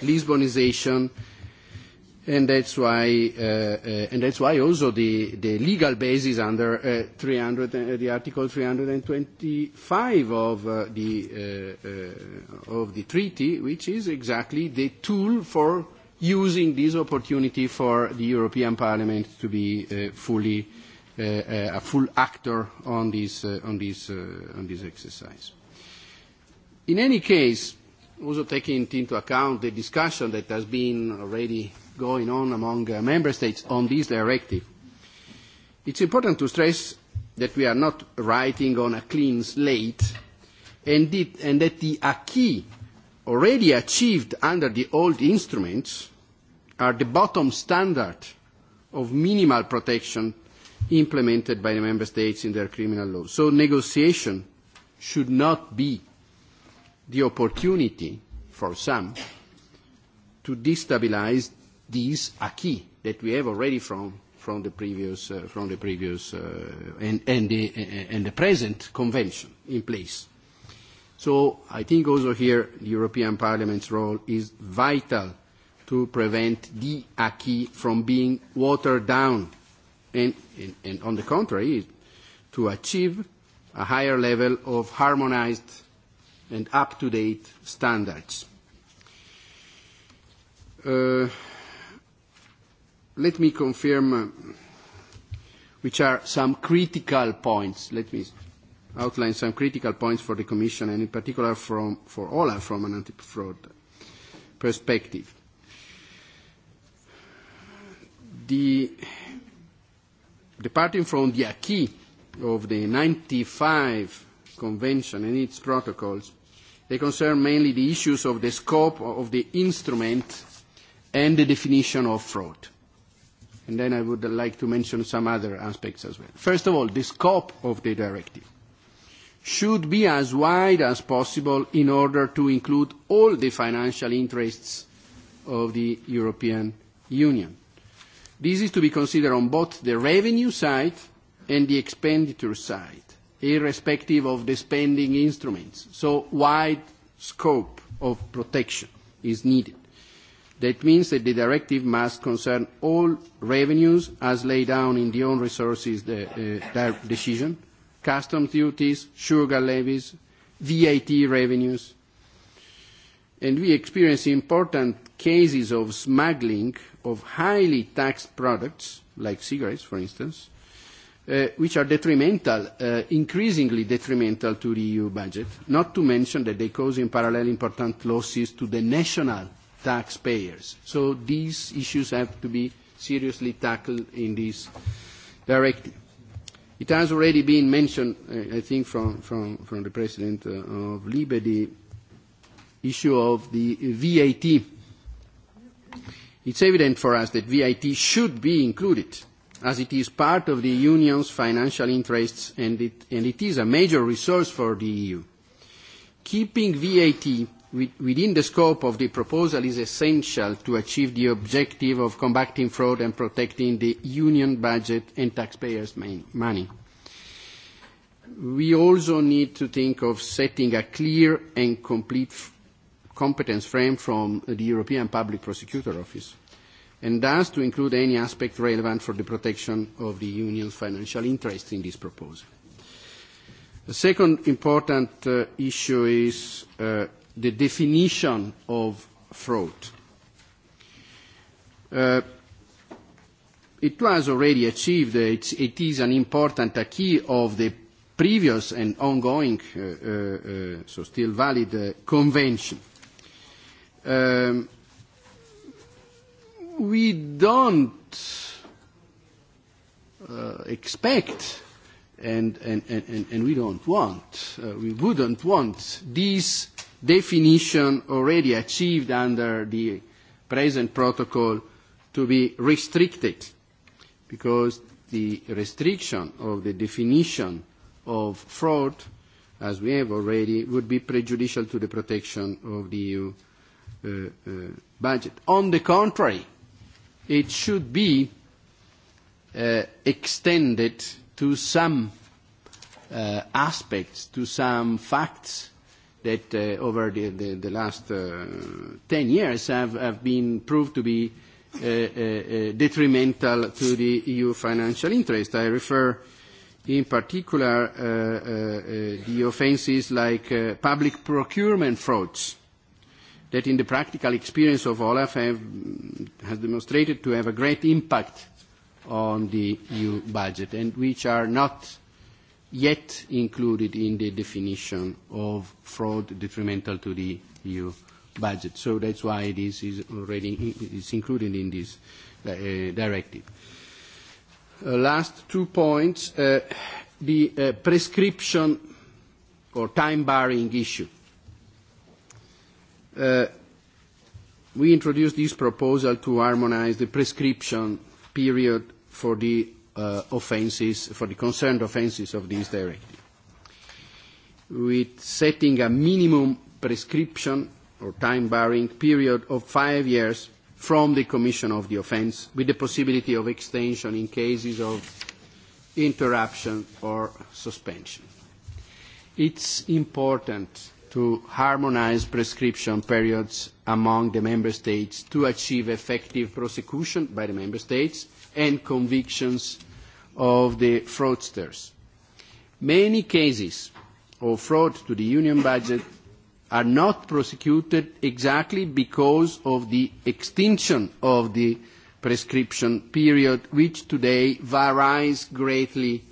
Lisbonization and that's why uh, uh, and that's why also the the legal basis under uh, 300 uh, the article 325 of uh, the uh, uh, of the treaty which is exactly the tool for using this opportunity for the European Parliament to be uh, fully uh, a full actor on this uh, on this uh, on this exercise in any case also taking into account the discussion that has been already going on among uh, member states on this directive. It's important to stress that we are not writing on a clean slate and, it, and that the acquis already achieved under the old instruments are the bottom standard of minimal protection implemented by the member states in their criminal law. So negotiation should not be the opportunity for some to destabilise these acquis that we have already from from the previous uh, from the previous uh, and and the and the present convention in place. So I think also here the European Parliament's role is vital to prevent the acquis from being watered down, and, and, and on the contrary, to achieve a higher level of harmonised and up-to-date standards. Uh, let me confirm which are some critical points. Let me outline some critical points for the Commission and in particular from, for OLAF from an anti-fraud perspective. The departing from the acquis of the 95 Convention and its protocols, they concern mainly the issues of the scope of the instrument and the definition of fraud and then I would like to mention some other aspects as well. First of all, the scope of the directive should be as wide as possible in order to include all the financial interests of the European Union. This is to be considered on both the revenue side and the expenditure side, irrespective of the spending instruments. So wide scope of protection is needed. That means that the directive must concern all revenues as laid down in the own resources decision, customs duties, sugar levies, VAT revenues. And we experience important cases of smuggling of highly taxed products, like cigarettes, for instance, which are detrimental, uh increasingly detrimental to the EU budget, not to mention that they cause in parallel important losses to the national taxpayers. So these issues have to be seriously tackled in this directive. It has already been mentioned, I think, from, from, from the President of Libe, the issue of the VAT. It's evident for us that VAT should be included, as it is part of the Union's financial interests and it, and it is a major resource for the EU. Keeping VAT within the scope of the proposal is essential to achieve the objective of combating fraud and protecting the union budget and taxpayers' money. We also need to think of setting a clear and complete competence frame from the European Public Prosecutor Office, and thus to include any aspect relevant for the protection of the union's financial interests in this proposal. The second important issue is the definition of fraud. it was already achieved. It's, it is an important key of the previous and ongoing, so still valid, convention. we don't expect and, and, and, and we don't want, uh, we wouldn't want these definition already achieved under the present protocol to be restricted because the restriction of the definition of fraud, as we have already, would be prejudicial to the protection of the EU uh, uh, budget. On the contrary, it should be uh, extended to some uh, aspects, to some facts that over the the the last 10 years have have been proved to be detrimental to the EU financial interest. I refer in particular the offenses like public procurement frauds that in the practical experience of Olaf has demonstrated to have a great impact on the EU budget and which are not yet included in the definition of fraud detrimental to the EU budget. So that's why this is already it's included in this uh, directive. Uh, last two points, uh, the uh, prescription or time barring issue. Uh, we introduced this proposal to harmonize the prescription period for the offences, for the concerned offences of this directive, with setting a minimum prescription or time barring period of five years from the commission of the offence, with the possibility of extension in cases of interruption or suspension. It's important to harmonise prescription periods among the member states to achieve effective prosecution by the member states and convictions of the fraudsters. Many cases of fraud to the union budget are not prosecuted exactly because of the extinction of the prescription period, which today varies greatly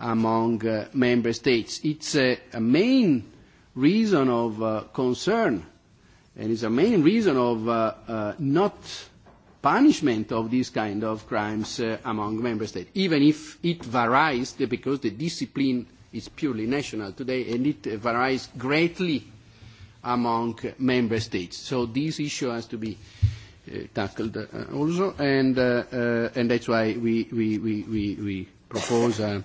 among member states. It's a, a main reason of concern and is a main reason of not punishment of these kind of crimes uh, among member states, even if it varies because the discipline is purely national today and it varies greatly among member states. So this issue has to be uh, tackled uh, also, and, uh, uh, and that's why we, we, we, we, we propose uh,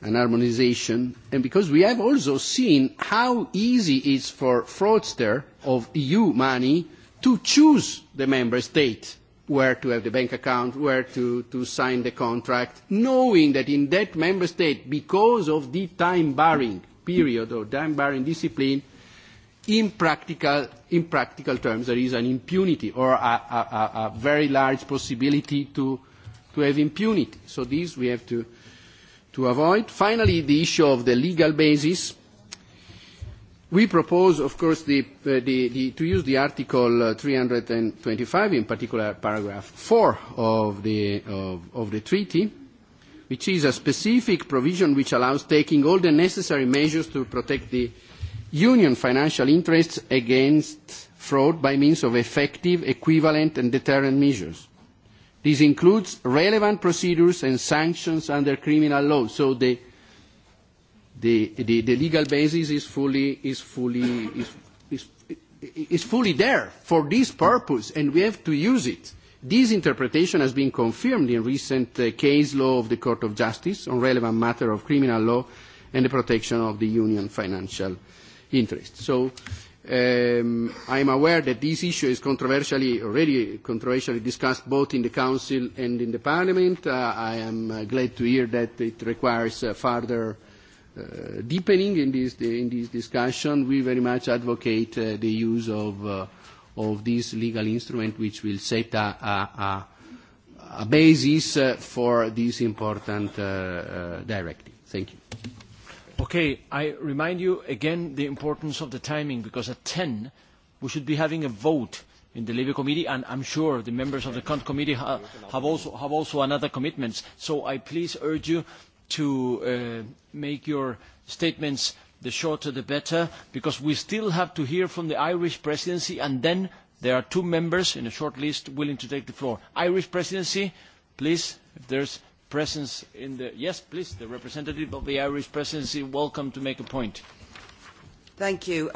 an harmonization, and because we have also seen how easy it is for fraudster of EU money to choose the member state where to have the bank account, where to, to sign the contract, knowing that in that member state, because of the time barring period or time barring discipline, in practical, in practical terms, there is an impunity or a, a, a, a very large possibility to, to have impunity. So this we have to, to avoid. Finally, the issue of the legal basis We propose, of course, to use the, the, to use the Article 325, in particular paragraph four of the, of the treaty, which is a specific provision which allows taking all the necessary measures to protect the Union financial interests against fraud by means of effective, equivalent and deterrent measures. This includes relevant procedures and sanctions under criminal law. So the the, the, the legal basis is fully, is, fully, is, is, is fully there for this purpose, and we have to use it. This interpretation has been confirmed in recent uh, case law of the Court of Justice on relevant matter of criminal law and the protection of the union financial interests. So um, I'm aware that this issue is controversially, already controversially discussed both in the Council and in the Parliament. Uh, I am uh, glad to hear that it requires uh, further deepening in this, in this discussion, we very much advocate uh, the use of, uh, of this legal instrument which will set a, a, basis uh, for this important uh, directive. Thank you. Okay, I remind you again the importance of the timing because at 10 we should be having a vote in the LIBE Committee, and I'm sure the members of the Cont Committee have, also, another commitments. So I please urge you to make your statements the shorter the better, because we still have to hear from the Irish presidency, and then there are two members in a short list willing to take the floor. Irish presidency, please, if there's presence in the... Yes, please, the representative of the Irish presidency, welcome to make a point. Thank you.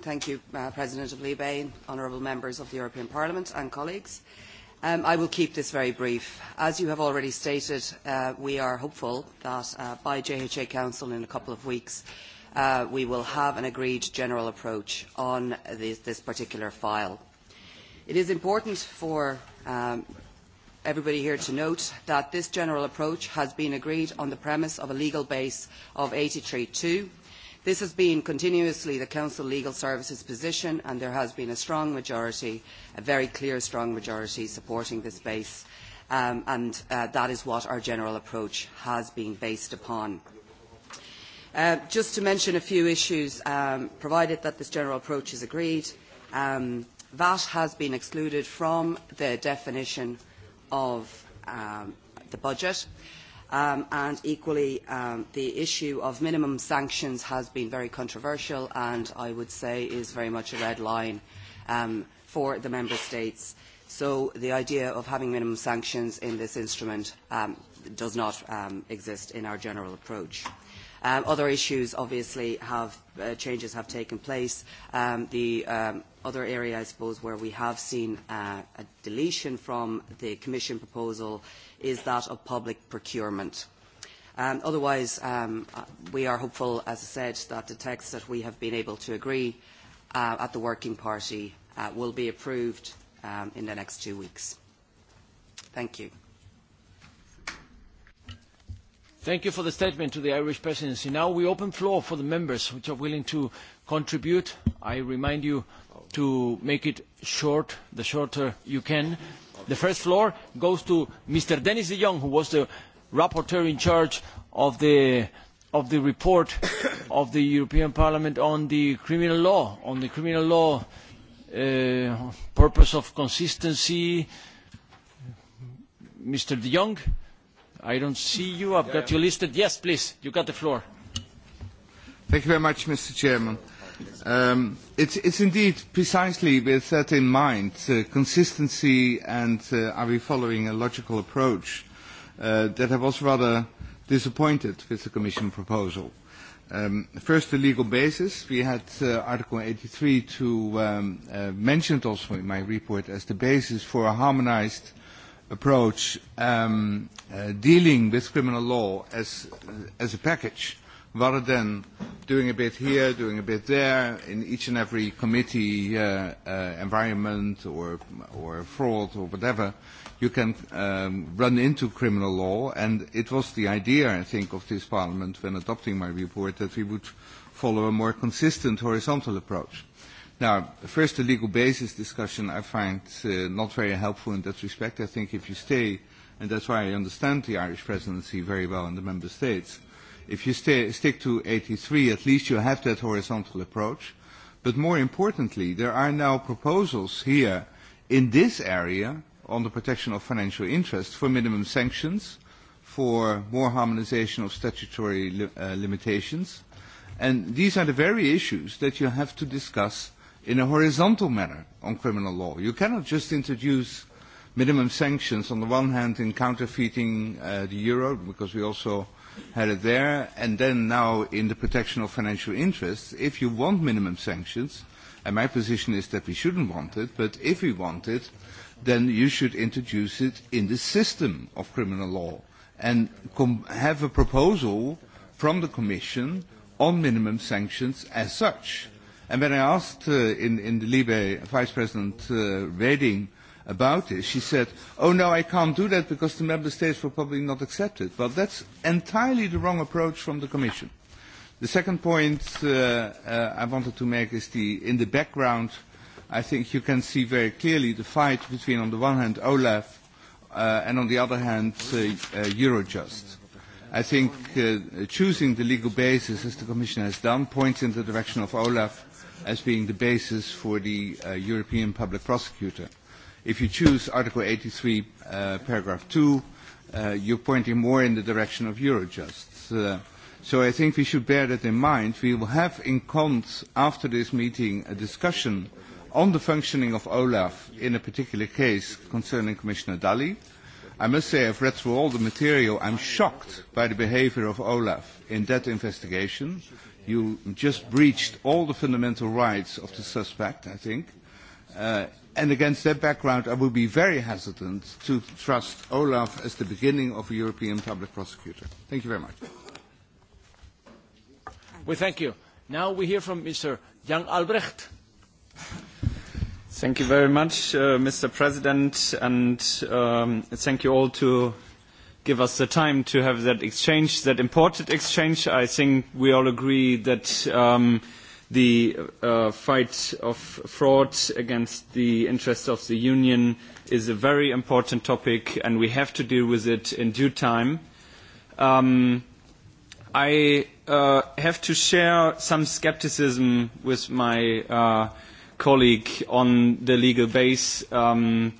thank you, President of Libe, honourable members of the European Parliament and colleagues. I will keep this very brief. As you have already stated, we are hopeful that by JHA Council in a couple of weeks, we will have an agreed general approach on this particular file. It is important for everybody here to note that this general approach has been agreed on the premise of a legal base of eighty three 83.2 This has been continuously the Council Legal Services position and there has been a strong majority, a very clear strong majority supporting this base and that is what our general approach has been based upon. just to mention a few issues, provided that this general approach is agreed, VAT has been excluded from the definition of the budget. Uh, Um, and equally, um, the issue of minimum sanctions has been very controversial and I would say is very much a red line um, for the Member States. So the idea of having minimum sanctions in this instrument um, does not um, exist in our general approach other issues, obviously, have changes have taken place. the other area, I suppose, where we have seen a deletion from the Commission proposal is that of public procurement. otherwise, we are hopeful, as I said, that the text that we have been able to agree at the working party will be approved in the next two weeks. Thank you. Thank you for the statement to the Irish presidency. Now we open floor for the members which are willing to contribute. I remind you to make it short, the shorter you can. The first floor goes to Mr. Dennis de Jong, who was the rapporteur in charge of the, of the report of the European Parliament on the criminal law, on the criminal law uh, purpose of consistency. Mr. de Jong. I don't see you. I've got you listed. Yes, please. You got the floor. Thank you very much, Mr. Chairman. Um, it's, it's indeed precisely with that in mind, uh, consistency and uh, are we following a logical approach, uh, that I was rather disappointed with the Commission proposal. Um, first, the legal basis. We had uh, Article 83 to um, uh, also in my report as the basis for a harmonized uh, approach um, uh, dealing with criminal law as, as a package rather than doing a bit here, doing a bit there in each and every committee, uh, uh, environment or, or fraud or whatever, you can um, run into criminal law. And it was the idea, I think, of this parliament when adopting my report that we would follow a more consistent horizontal approach. Now, first, the legal basis discussion I find uh, not very helpful in that respect. I think if you stay, and that's why I understand the Irish presidency very well in the member states, if you stay, stick to 83, at least you have that horizontal approach. But more importantly, there are now proposals here in this area on the protection of financial interests for minimum sanctions, for more harmonization of statutory li- uh, limitations. And these are the very issues that you have to discuss in a horizontal manner on criminal law. You cannot just introduce minimum sanctions on the one hand in counterfeiting uh, the euro, because we also had it there, and then now in the protection of financial interests. If you want minimum sanctions, and my position is that we shouldn't want it, but if we want it, then you should introduce it in the system of criminal law and com- have a proposal from the Commission on minimum sanctions as such And when I asked uh, in, in the Libe Vice President uh, Reding about this, she said, oh no, I can't do that because the member states will probably not accept it. Well, that's entirely the wrong approach from the Commission. The second point uh, uh, I wanted to make is the, in the background, I think you can see very clearly the fight between, on the one hand, OLAF uh, and on the other hand, uh, uh, Eurojust. I think uh, choosing the legal basis, as the Commission has done, points in the direction of OLAF as being the basis for the uh, European Public Prosecutor. If you choose Article 83, uh, paragraph 2, uh, you're pointing more in the direction of Eurojust. Uh, so I think we should bear that in mind. We will have in Cont, after this meeting, a discussion on the functioning of OLAF in a particular case concerning Commissioner Dalli. I must say I've read through all the material. I'm shocked by the behavior of Olaf in that investigation. You just breached all the fundamental rights of the suspect, I think. Uh, and against that background, I would be very hesitant to trust Olaf as the beginning of a European public prosecutor. Thank you very much. We thank you. Now we hear from Mr. Jan Albrecht. Thank you very much, Mr. President, and thank you all to give us the time to have that exchange, that important exchange. I think we all agree that the fight of fraud against the interests of the Union is a very important topic, and we have to deal with it in due time. I have to share some scepticism with my colleague on the legal base. Um,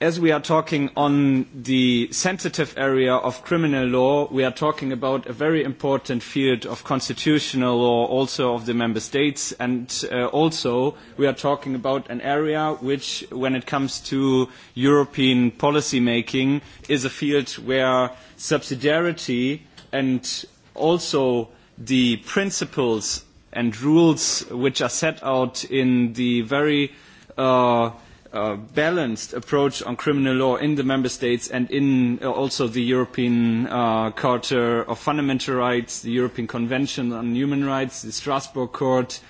as we are talking on the sensitive area of criminal law, we are talking about a very important field of constitutional law, also of the member states, and also we are talking about an area which, when it comes to European policy making, is a field where subsidiarity and also the principles and rules which are set out in the very balanced approach on criminal law in the member states and in also the European Charter of Fundamental Rights, the European Convention on Human Rights, the Strasbourg Court.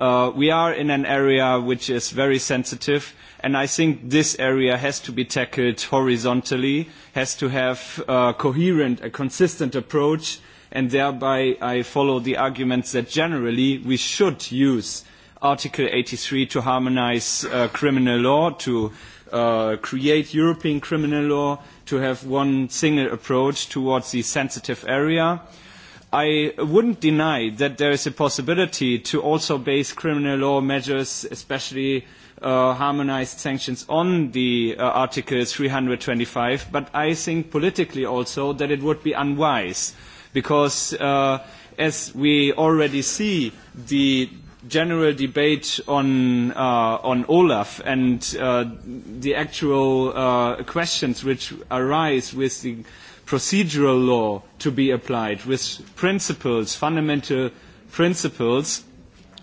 we are in an area which is very sensitive, and I think this area has to be tackled horizontally, has to have a coherent, a consistent approach, and thereby I follow the arguments that generally we should use Article eighty three to harmonise criminal law, to create European criminal law, to have one single approach towards the sensitive area. I wouldn't deny that there is a possibility to also base criminal law measures, especially harmonised sanctions, on the uh, Article 325, but I think politically also that it would be unwise because as we already see, the general debate on uh, on Olaf and uh, the actual uh, questions which arise with the procedural law to be applied, with principles, fundamental principles,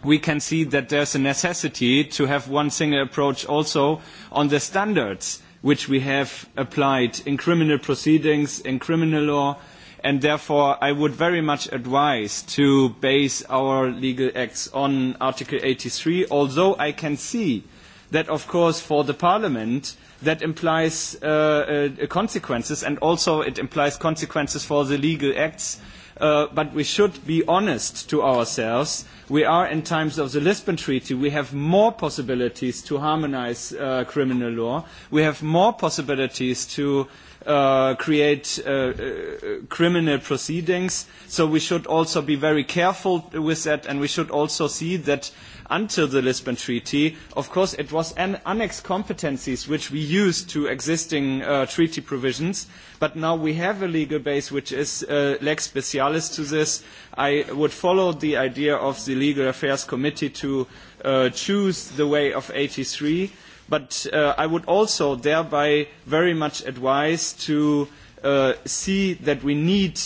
we can see that there's a necessity to have one single approach also on the standards which we have applied in criminal proceedings, in criminal law, and therefore I would very much advise to base our legal acts on Article eighty three, although I can see that, of course, for the Parliament, that implies consequences, and also it implies consequences for the legal acts. but we should be honest to ourselves. We are in times of the Lisbon Treaty. We have more possibilities to harmonise criminal law. We have more possibilities to create criminal proceedings. So we should also be very careful with that, and we should also see that until the Lisbon Treaty, of course, it was an annexed competencies which we used to existing treaty provisions, but now we have a legal base which is lex specialis to this. I would follow the idea of the Legal Affairs Committee to choose the way of eighty three But I would also thereby very much advise to see that we need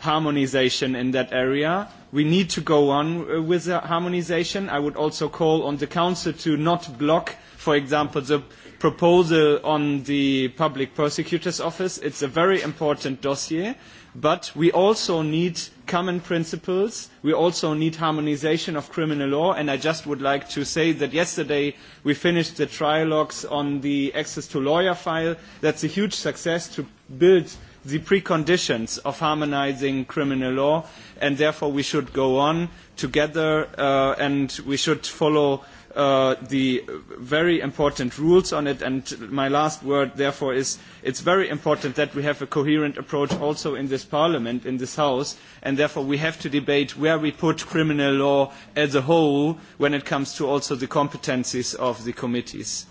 harmonisation in that area. We need to go on with the harmonisation. I would also call on the Council to not block, for example, the proposal on the Public Prosecutor's Office. It's a very important dossier, but we also need common principles. We also need harmonisation of criminal law. And I just would like to say that yesterday we finished the trilogues on the access to lawyer file. That's a huge success to build the preconditions of harmonising criminal law. And therefore we should go on together and we should follow the very important rules on it. And my last word, therefore, is it is very important that we have a coherent approach also in this parliament, in this house, and therefore we have to debate where we put criminal law as a whole when it comes to also the competencies of the committees.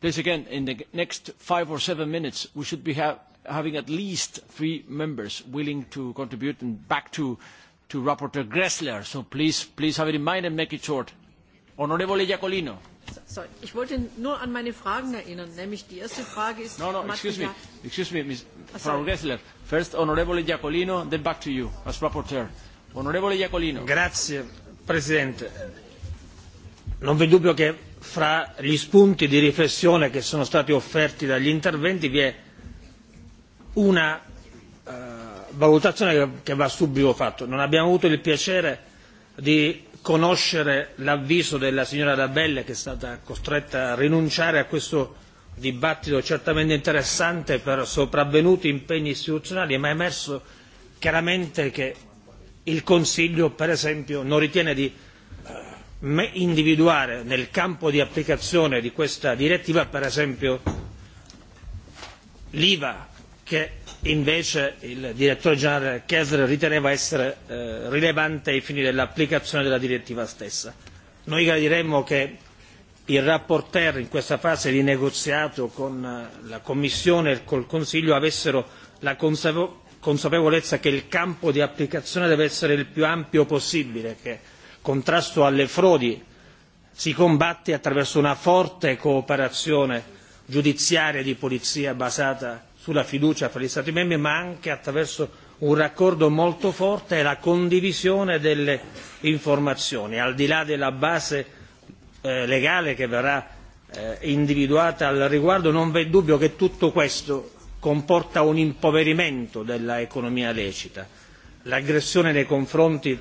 This again, in the next five or seven minutes, we should be having at least three members willing to contribute and back to to Rapporteur Gressler. So please, please have it in mind and make it short. Honorable Iacolino. Ich wollte nur an meine Fragen erinnern, nämlich die erste Frage ist... No, no, excuse me, excuse me, Ms. Frau Gressler. First, Honorable Iacolino, then back to you as Rapporteur. Honorable Iacolino. Grazie, Presidente. Non v'è dubbio che fra gli spunti di riflessione che sono stati offerti dagli interventi vi è una valutazione che va subito fatto. Non abbiamo avuto il piacere di conoscere l'avviso della signora Dabelle che è stata costretta a rinunciare a questo dibattito certamente interessante per sopravvenuti impegni istituzionali, ma è emerso chiaramente che il Consiglio, per esempio, non ritiene di individuare nel campo di applicazione di questa direttiva, per esempio, l'IVA che invece il direttore generale Kessler riteneva essere rilevante ai fini dell'applicazione della direttiva stessa. Noi gradiremmo che il rapporteur in questa fase di negoziato con la Commissione e col Consiglio avessero la consapevolezza che il campo di applicazione deve essere il più ampio possibile, che contrasto alle frodi si combatte attraverso una forte cooperazione giudiziaria e di polizia basata sulla fiducia fra gli Stati membri, ma anche attraverso un raccordo molto forte e la condivisione delle informazioni, al di là della base legale che verrà individuata al riguardo, non v'è dubbio che tutto questo comporta un impoverimento dell'economia lecita. L'aggressione nei confronti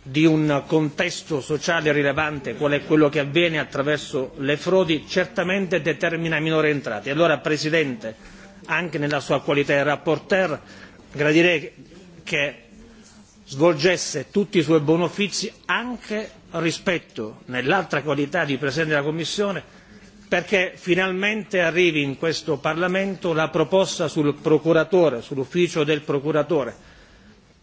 di un contesto sociale rilevante qual è quello che avviene attraverso le frodi certamente determina minori entrate. Allora Presidente, anche nella sua qualità di rapporteur, gradirei che svolgesse tutti i suoi buoni uffici anche rispetto nell'altra qualità di Presidente della Commissione perché finalmente arrivi in questo Parlamento la proposta sul procuratore, sull'ufficio del procuratore.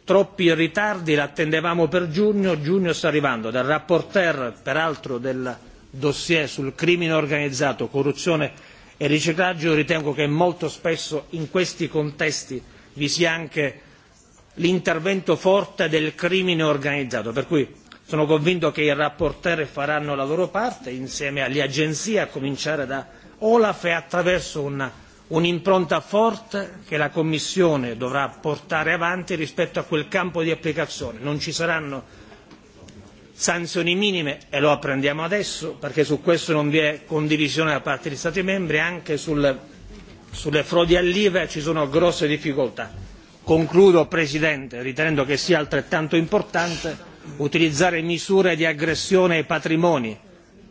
Troppi ritardi, l'attendevamo per giugno, giugno sta arrivando. Dal rapporteur, peraltro, del dossier sul crimine organizzato, corruzione e riciclaggio io ritengo che molto spesso in questi contesti vi sia anche l'intervento forte del crimine organizzato, per cui sono convinto che i rapporteur faranno la loro parte insieme alle agenzie, a cominciare da Olaf e attraverso un'impronta forte che la Commissione dovrà portare avanti rispetto a quel campo di applicazione. Non ci saranno sanzioni minime e lo apprendiamo adesso perché su questo non vi è condivisione da parte degli Stati membri, anche sulle frodi all'IVA ci sono grosse difficoltà. Concludo Presidente ritenendo che sia altrettanto importante utilizzare misure di aggressione ai patrimoni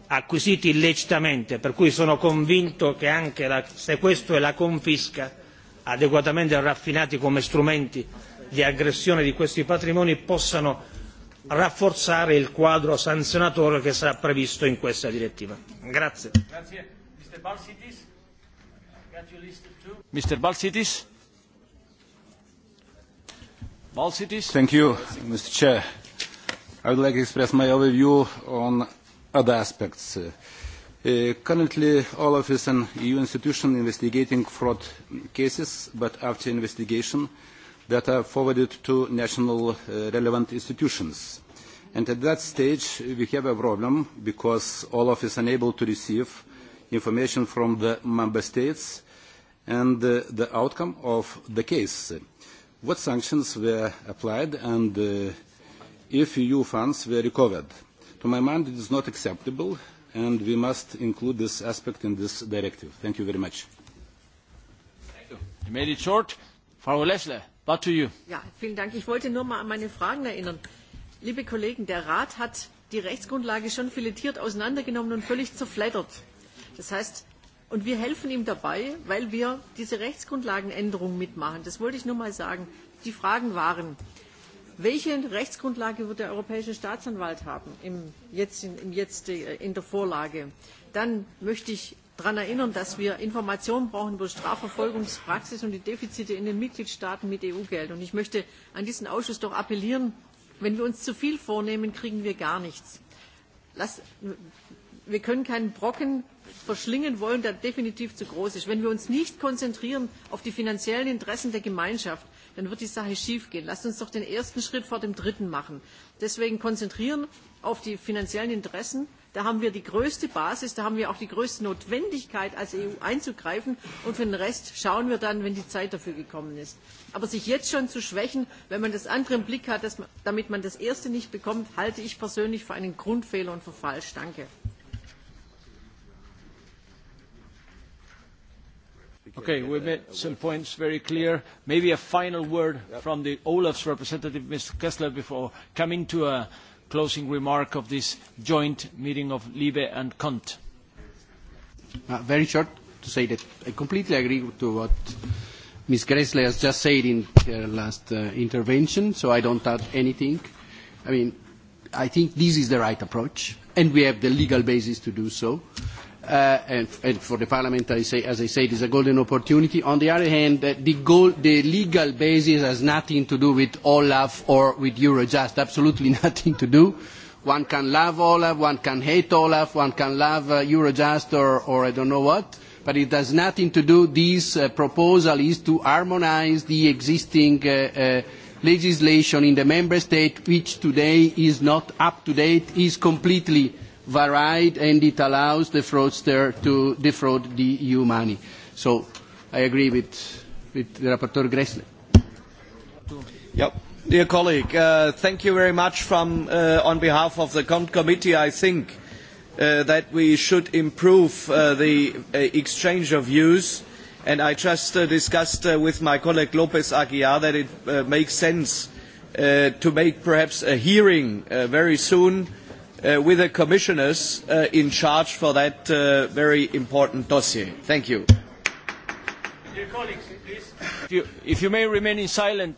acquisiti illecitamente, per cui sono convinto che anche il sequestro e la confisca adeguatamente raffinati come strumenti di aggressione di questi patrimoni possano rafforzare il quadro sanzionatorio che sarà previsto in questa direttiva. Grazie. Thank you, Mr. Chair. I would like to express my overview on other aspects. currently, Olaf is an EU institution investigating fraud cases, but after investigation, that are forwarded to national relevant institutions. And at that stage, we have a problem because Olaf is unable to receive information from the member states and the outcome of the case. What sanctions were applied and if EU funds were recovered? To my mind, it is not acceptable and we must include this aspect in this directive. Thank you very much. Thank you. You made it short. Frau Lessler. Back to you. Ja, vielen Dank. Ich wollte nur mal an meine Fragen erinnern. Liebe Kollegen, der Rat hat die Rechtsgrundlage schon filetiert auseinandergenommen und völlig zerfleddert. Das heißt, und wir helfen ihm dabei, weil wir diese Rechtsgrundlagenänderung mitmachen. Das wollte ich nur mal sagen. Die Fragen waren, welche Rechtsgrundlage wird der europäische Staatsanwalt haben im jetzt, in der Vorlage? Dann möchte ich daran erinnern, dass wir Informationen brauchen über Strafverfolgungspraxis und die Defizite in den Mitgliedstaaten mit EU-Geld. Und ich möchte an diesen Ausschuss doch appellieren, wenn wir uns zu viel vornehmen, kriegen wir gar nichts. wir können keinen Brocken verschlingen wollen, der definitiv zu groß ist. Wenn wir uns nicht konzentrieren auf die finanziellen Interessen der Gemeinschaft, dann wird die Sache schiefgehen. Lasst uns doch den ersten Schritt vor dem dritten machen. Deswegen konzentrieren auf die finanziellen Interessen. Da haben wir die größte Basis, da haben wir auch die größte Notwendigkeit, als EU einzugreifen. Und für den Rest schauen wir dann, wenn die Zeit dafür gekommen ist. Aber sich jetzt schon zu schwächen, wenn man das andere im Blick hat, damit man das erste nicht bekommt, halte ich persönlich für einen Grundfehler und für falsch. Danke. Okay, we made some points very clear. Maybe a final word from the Olaf's representative, Mr. Kessler, before coming to a closing remark of this joint meeting of LIBE and CONT. very short to say that I completely agree to what Ms. Gressler has just said in her last intervention, so I don't add anything. I mean, I think this is the right approach, and we have the legal basis to do so and, for Parliament, as I said, is a golden opportunity. On the other hand, the, legal basis has nothing to do with Olaf or with Eurojust, absolutely nothing to do. One can love Olaf, one can hate Olaf, one can love Eurojust or, or I don't know what, but it has nothing to do. This proposal is to harmonise the existing legislation in the member state, which today is not up to date, is completely varied and it allows the fraudster to defraud the EU money. So I agree with, with the Rapporteur Gressler. Yep. Dear colleague, uh, thank you very much from, uh, on behalf of the CONT committee. I think uh, that we should improve uh, the uh, exchange of views. And I just uh, discussed uh, with my colleague Lopez Aguiar that it uh, makes sense uh, to make perhaps a hearing uh, very soon uh, with the commissioners in charge for that very important dossier. Thank you. if you may remain in silence,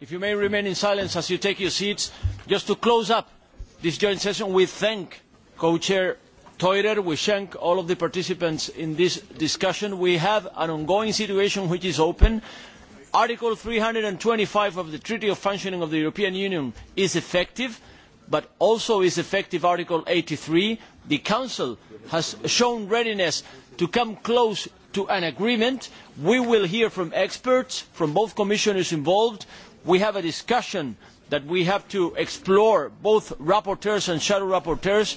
if you may remain in silence as you take your seats, just to close up this joint session, we thank co-chair Teurer, we thank all of the participants in this discussion. We have an ongoing situation which is open. Article three hundred and twenty five of the Treaty of Functioning of the European Union is effective but also is effective Article eighty three, the Council has shown readiness to come close to an agreement. We will hear from experts, from both commissioners involved. We have a discussion that we have to explore, both rapporteurs and shadow rapporteurs,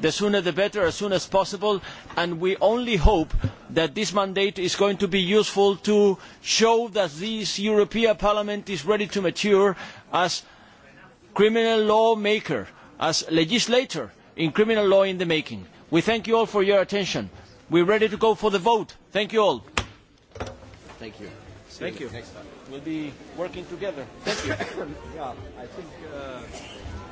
the sooner the better, as soon as possible, and we only hope that this mandate is going to be useful to show that this European Parliament is ready to mature as criminal lawmaker, as legislator in criminal law in the making. We thank you all for your attention. We are ready to go for the vote. Thank you all. Thank you. Thank you. Next time. We'll be working together. Thank you. yeah, I think. Uh